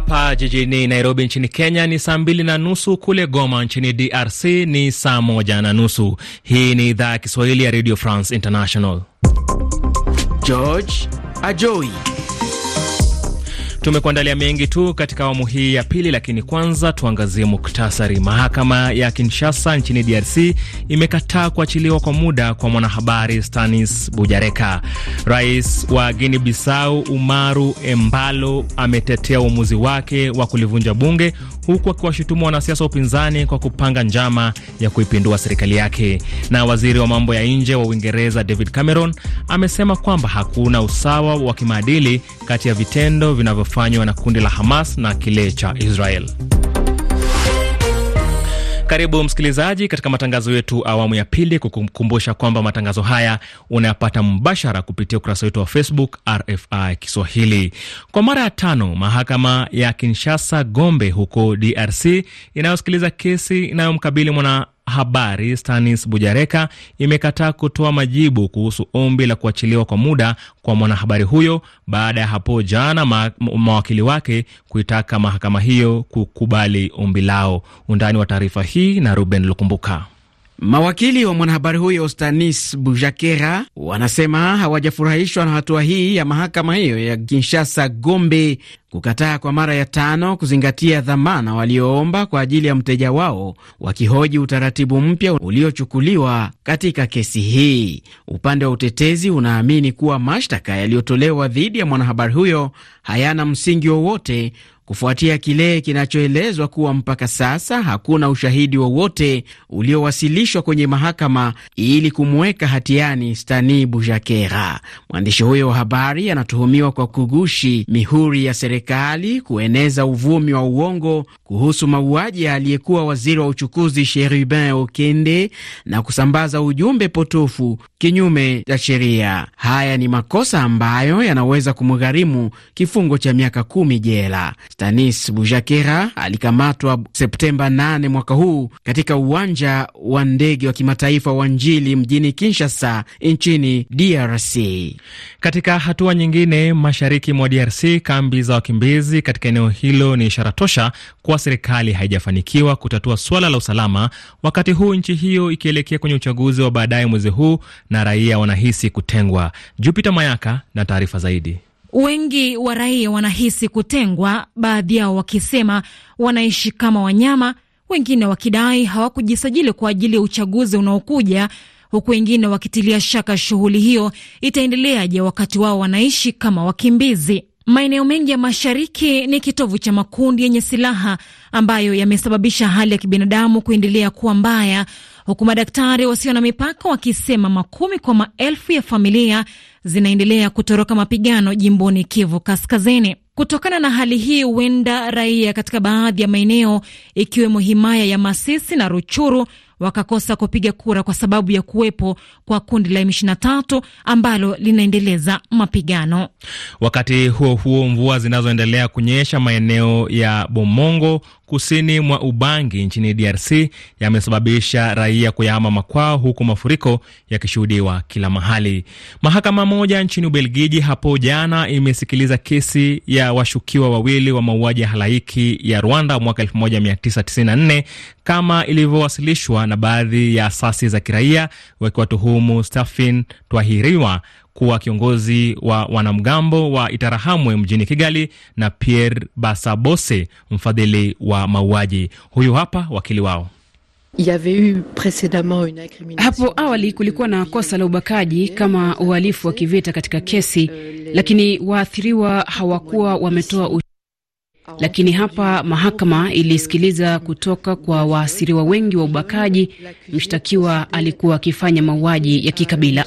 Hapa jijini Nairobi nchini Kenya ni saa mbili na nusu, kule Goma nchini DRC ni saa moja na nusu. Hii ni idhaa ya Kiswahili ya Radio France International. George Ajoi Tumekuandalia mengi tu katika awamu hii ya pili, lakini kwanza tuangazie muktasari. Mahakama ya Kinshasa nchini DRC imekataa kuachiliwa kwa muda kwa mwanahabari Stanis Bujareka. Rais wa guini Bissau Umaru Embalo ametetea uamuzi wake wa kulivunja bunge huku akiwashutumu wanasiasa wa upinzani kwa kupanga njama ya kuipindua serikali yake. Na waziri wa mambo ya nje wa Uingereza David Cameron amesema kwamba hakuna usawa wa kimaadili kati ya vitendo vinavyofanywa na kundi la Hamas na kile cha Israel. Karibu msikilizaji katika matangazo yetu awamu ya pili, kukukumbusha kwamba matangazo haya unayapata mbashara kupitia ukurasa wetu wa Facebook RFI Kiswahili. Kwa mara ya tano, mahakama ya Kinshasa Gombe huko DRC inayosikiliza kesi inayomkabili mwana habari Stanis Bujareka imekataa kutoa majibu kuhusu ombi la kuachiliwa kwa muda kwa mwanahabari huyo baada ya hapo jana ma, mawakili wake kuitaka mahakama hiyo kukubali ombi lao. Undani wa taarifa hii na Ruben Lukumbuka. Mawakili wa mwanahabari huyo Stanis Bujakera wanasema hawajafurahishwa na hatua hii ya mahakama hiyo ya Kinshasa Gombe kukataa kwa mara ya tano kuzingatia dhamana walioomba kwa ajili ya mteja wao, wakihoji utaratibu mpya uliochukuliwa katika kesi hii. Upande wa utetezi unaamini kuwa mashtaka yaliyotolewa dhidi ya mwanahabari huyo hayana msingi wowote kufuatia kile kinachoelezwa kuwa mpaka sasa hakuna ushahidi wowote uliowasilishwa kwenye mahakama ili kumweka hatiani Stani Bujakera. Mwandishi huyo wa habari anatuhumiwa kwa kugushi mihuri ya serikali, kueneza uvumi wa uongo kuhusu mauaji ya aliyekuwa waziri wa uchukuzi Sherubin Okende na kusambaza ujumbe potofu kinyume cha sheria. Haya ni makosa ambayo yanaweza kumgharimu kifungo cha miaka kumi jela. Stanis Bujakera alikamatwa Septemba 8 mwaka huu katika uwanja wa ndege wa kimataifa wa Njili mjini Kinshasa nchini DRC. Katika hatua nyingine, mashariki mwa DRC, kambi za wakimbizi katika eneo hilo ni ishara tosha kuwa serikali haijafanikiwa kutatua suala la usalama, wakati huu nchi hiyo ikielekea kwenye uchaguzi wa baadaye mwezi huu na raia wanahisi kutengwa. jupita Mayaka na taarifa zaidi. Wengi wa raia wanahisi kutengwa, baadhi yao wakisema wanaishi kama wanyama, wengine wakidai hawakujisajili kwa ajili ya uchaguzi unaokuja, huku wengine wakitilia shaka shughuli hiyo itaendeleaje wakati wao wanaishi kama wakimbizi. Maeneo mengi ya mashariki ni kitovu cha makundi yenye silaha ambayo yamesababisha hali ya kibinadamu kuendelea kuwa mbaya, huku madaktari wasio na mipaka wakisema makumi kwa maelfu ya familia zinaendelea kutoroka mapigano jimboni Kivu Kaskazini. Kutokana na hali hii, huenda raia katika baadhi ya maeneo ikiwemo himaya ya Masisi na Ruchuru wakakosa kupiga kura kwa sababu ya kuwepo kwa kundi la M23 ambalo linaendeleza mapigano. Wakati huo huo, mvua zinazoendelea kunyesha maeneo ya Bomongo kusini mwa Ubangi nchini DRC yamesababisha raia kuyahama makwao, huku mafuriko yakishuhudiwa kila mahali. Mahakama moja nchini Ubelgiji hapo jana imesikiliza kesi ya ya washukiwa wawili wa mauaji ya halaiki ya Rwanda mwaka 1994 kama ilivyowasilishwa na baadhi ya asasi za kiraia, wakiwatuhumu Stephen Twahiriwa kuwa kiongozi wa wanamgambo wa Itarahamwe mjini Kigali na Pierre Basabose, mfadhili wa mauaji. Huyu hapa wakili wao. Hapo awali kulikuwa na kosa la ubakaji kama uhalifu wa kivita katika kesi, euh, lakini waathiriwa hawakuwa wametoa u lakini hapa mahakama ilisikiliza kutoka kwa waasiriwa wengi wa ubakaji. Mshtakiwa alikuwa akifanya mauaji ya kikabila.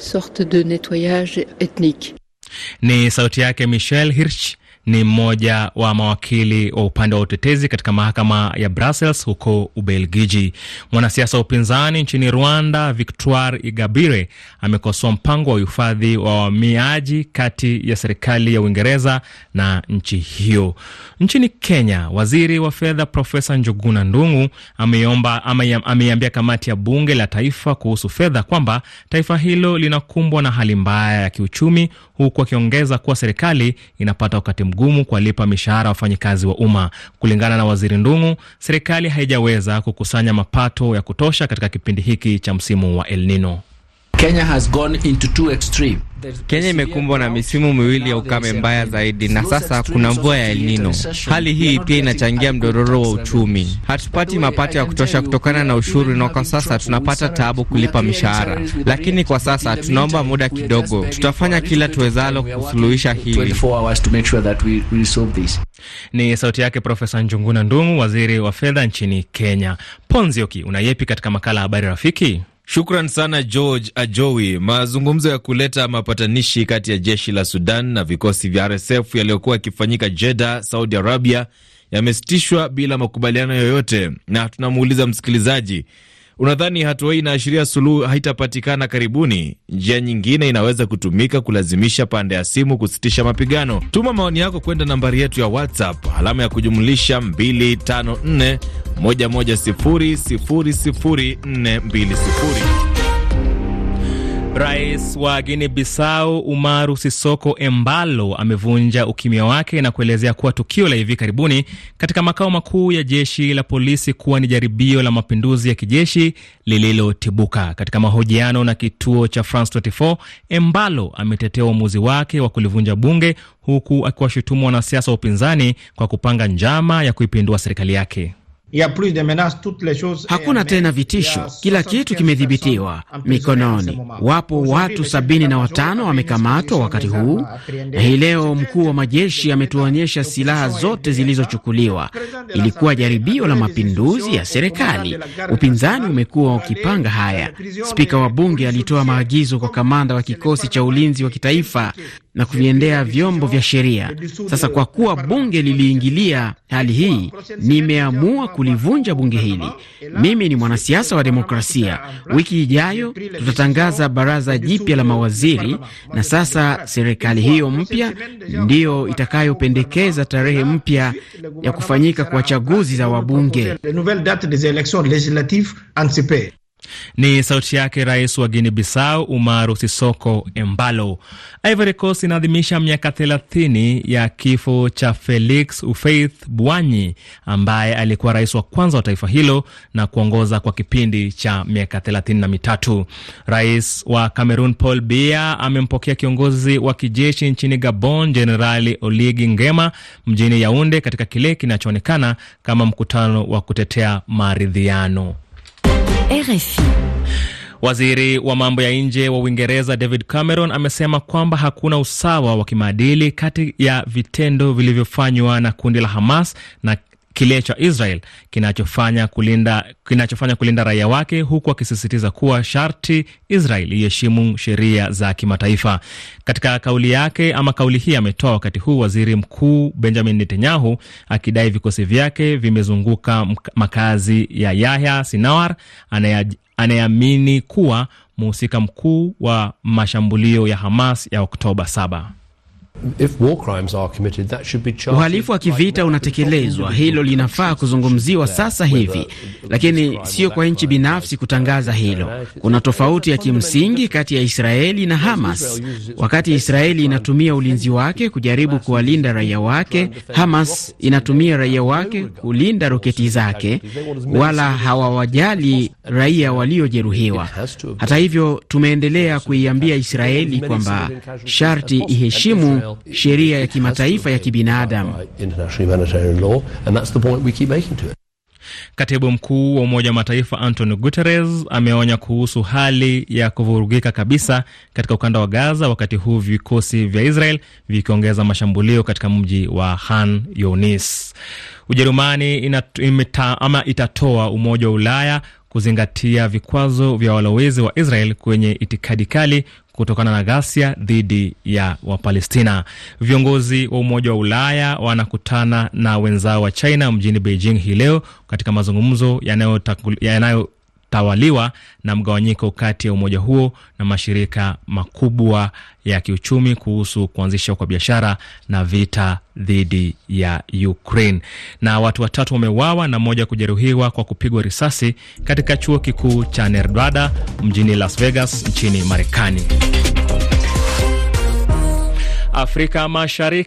Ni sauti yake Michel Hirsch, ni mmoja wa mawakili wa upande wa utetezi katika mahakama ya Brussels huko Ubelgiji. Mwanasiasa wa upinzani nchini Rwanda, Victoire igabire amekosoa mpango wa uhifadhi wa wahamiaji kati ya serikali ya Uingereza na nchi hiyo. Nchini Kenya, waziri wa fedha Profesa Njuguna Ndung'u ameiomba ameiambia kamati ya bunge la taifa kuhusu fedha kwamba taifa hilo linakumbwa na hali mbaya ya kiuchumi huku akiongeza kuwa serikali inapata wakati mgumu kuwalipa mishahara wafanyikazi wa umma. Kulingana na Waziri Ndung'u, serikali haijaweza kukusanya mapato ya kutosha katika kipindi hiki cha msimu wa El Nino. Kenya has gone into two extreme. Kenya imekumbwa na misimu miwili ya ukame mbaya zaidi na sasa kuna mvua ya El Nino. Hali hii pia inachangia mdororo wa uchumi. Hatupati mapato ya kutosha kutokana na ushuru, na kwa sasa tunapata taabu kulipa mishahara. Lakini kwa sasa tunaomba muda kidogo, tutafanya kila tuwezalo kusuluhisha hili. Ni sauti yake Profesa njunguna Ndungu, waziri wa fedha nchini Kenya. Ponzioki unayepi katika makala ya habari rafiki. Shukran sana George Ajowi. Mazungumzo ya kuleta mapatanishi kati ya jeshi la Sudan na vikosi vya RSF yaliyokuwa yakifanyika Jeddah, Saudi Arabia, yamesitishwa bila makubaliano yoyote, na tunamuuliza msikilizaji, unadhani hatua hii inaashiria suluhu haitapatikana karibuni? Njia nyingine inaweza kutumika kulazimisha pande ya simu kusitisha mapigano? Tuma maoni yako kwenda nambari yetu ya WhatsApp alama ya kujumlisha 254 Rais wa guine Bissau Umaru Sisoko Embalo amevunja ukimya wake na kuelezea kuwa tukio la hivi karibuni katika makao makuu ya jeshi la polisi kuwa ni jaribio la mapinduzi ya kijeshi lililotibuka. Katika mahojiano na kituo cha France 24, Embalo ametetea uamuzi wake wa kulivunja bunge huku akiwashutumu wanasiasa wa upinzani kwa kupanga njama ya kuipindua serikali yake. Hakuna tena vitisho, kila kitu kimedhibitiwa mikononi. Wapo watu sabini na watano wamekamatwa wakati huu, na eh, hii leo mkuu wa majeshi ametuonyesha silaha zote zilizochukuliwa. Ilikuwa jaribio la mapinduzi ya serikali, upinzani umekuwa ukipanga haya. Spika wa bunge alitoa maagizo kwa kamanda wa kikosi cha ulinzi wa kitaifa na kuviendea vyombo vya sheria. Sasa kwa kuwa bunge liliingilia hali hii, nimeamua kulivunja bunge hili. Mimi ni mwanasiasa wa demokrasia. Wiki ijayo tutatangaza baraza jipya la mawaziri, na sasa serikali hiyo mpya ndiyo itakayopendekeza tarehe mpya ya kufanyika kwa chaguzi za wabunge. Ni sauti yake rais wa Guinea Bissau Umaru Sisoko Embalo. Ivory Coast inaadhimisha miaka 30 ya kifo cha Felix ufeith Bwanyi, ambaye alikuwa rais wa kwanza wa taifa hilo na kuongoza kwa kipindi cha miaka 33. mitatu. Rais wa Cameroon Paul Biya amempokea kiongozi wa kijeshi nchini Gabon Jenerali Oligi Ngema mjini Yaunde katika kile kinachoonekana kama mkutano wa kutetea maridhiano. RFI. Waziri wa mambo ya nje wa Uingereza David Cameron amesema kwamba hakuna usawa wa kimaadili kati ya vitendo vilivyofanywa na kundi la Hamas na kile cha Israel kinachofanya kulinda, kinachofanya kulinda raia wake huku akisisitiza kuwa sharti Israel iheshimu sheria za kimataifa. Katika kauli yake ama kauli hii ametoa wakati huu waziri mkuu Benjamin Netanyahu akidai vikosi vyake vimezunguka makazi ya Yahya Sinawar anayeamini kuwa mhusika mkuu wa mashambulio ya Hamas ya Oktoba 7 uhalifu wa kivita unatekelezwa, hilo linafaa kuzungumziwa sasa hivi, lakini sio kwa nchi binafsi kutangaza hilo. Kuna tofauti ya kimsingi kati ya Israeli na Hamas. Wakati Israeli inatumia ulinzi wake kujaribu kuwalinda raia wake, Hamas inatumia raia wake kulinda roketi zake, wala hawawajali raia waliojeruhiwa. Hata hivyo, tumeendelea kuiambia Israeli kwamba sharti iheshimu sheria ya kimataifa ya kibinadamu. Katibu mkuu wa Umoja wa Mataifa Antonio Guterres ameonya kuhusu hali ya kuvurugika kabisa katika ukanda wa Gaza, wakati huu vikosi vya Israel vikiongeza mashambulio katika mji wa Khan Younis. Ujerumani ama itatoa Umoja wa Ulaya kuzingatia vikwazo vya walowezi wa Israel kwenye itikadi kali kutokana na ghasia dhidi ya Wapalestina. Viongozi wa Umoja wa Ulaya wanakutana na wenzao wa China mjini Beijing hii leo katika mazungumzo yanayo tawaliwa na mgawanyiko kati ya umoja huo na mashirika makubwa ya kiuchumi kuhusu kuanzishwa kwa biashara na vita dhidi ya Ukraine. Na watu watatu wameuawa na mmoja kujeruhiwa kwa kupigwa risasi katika chuo kikuu cha Nevada mjini Las Vegas nchini Marekani. Afrika Mashariki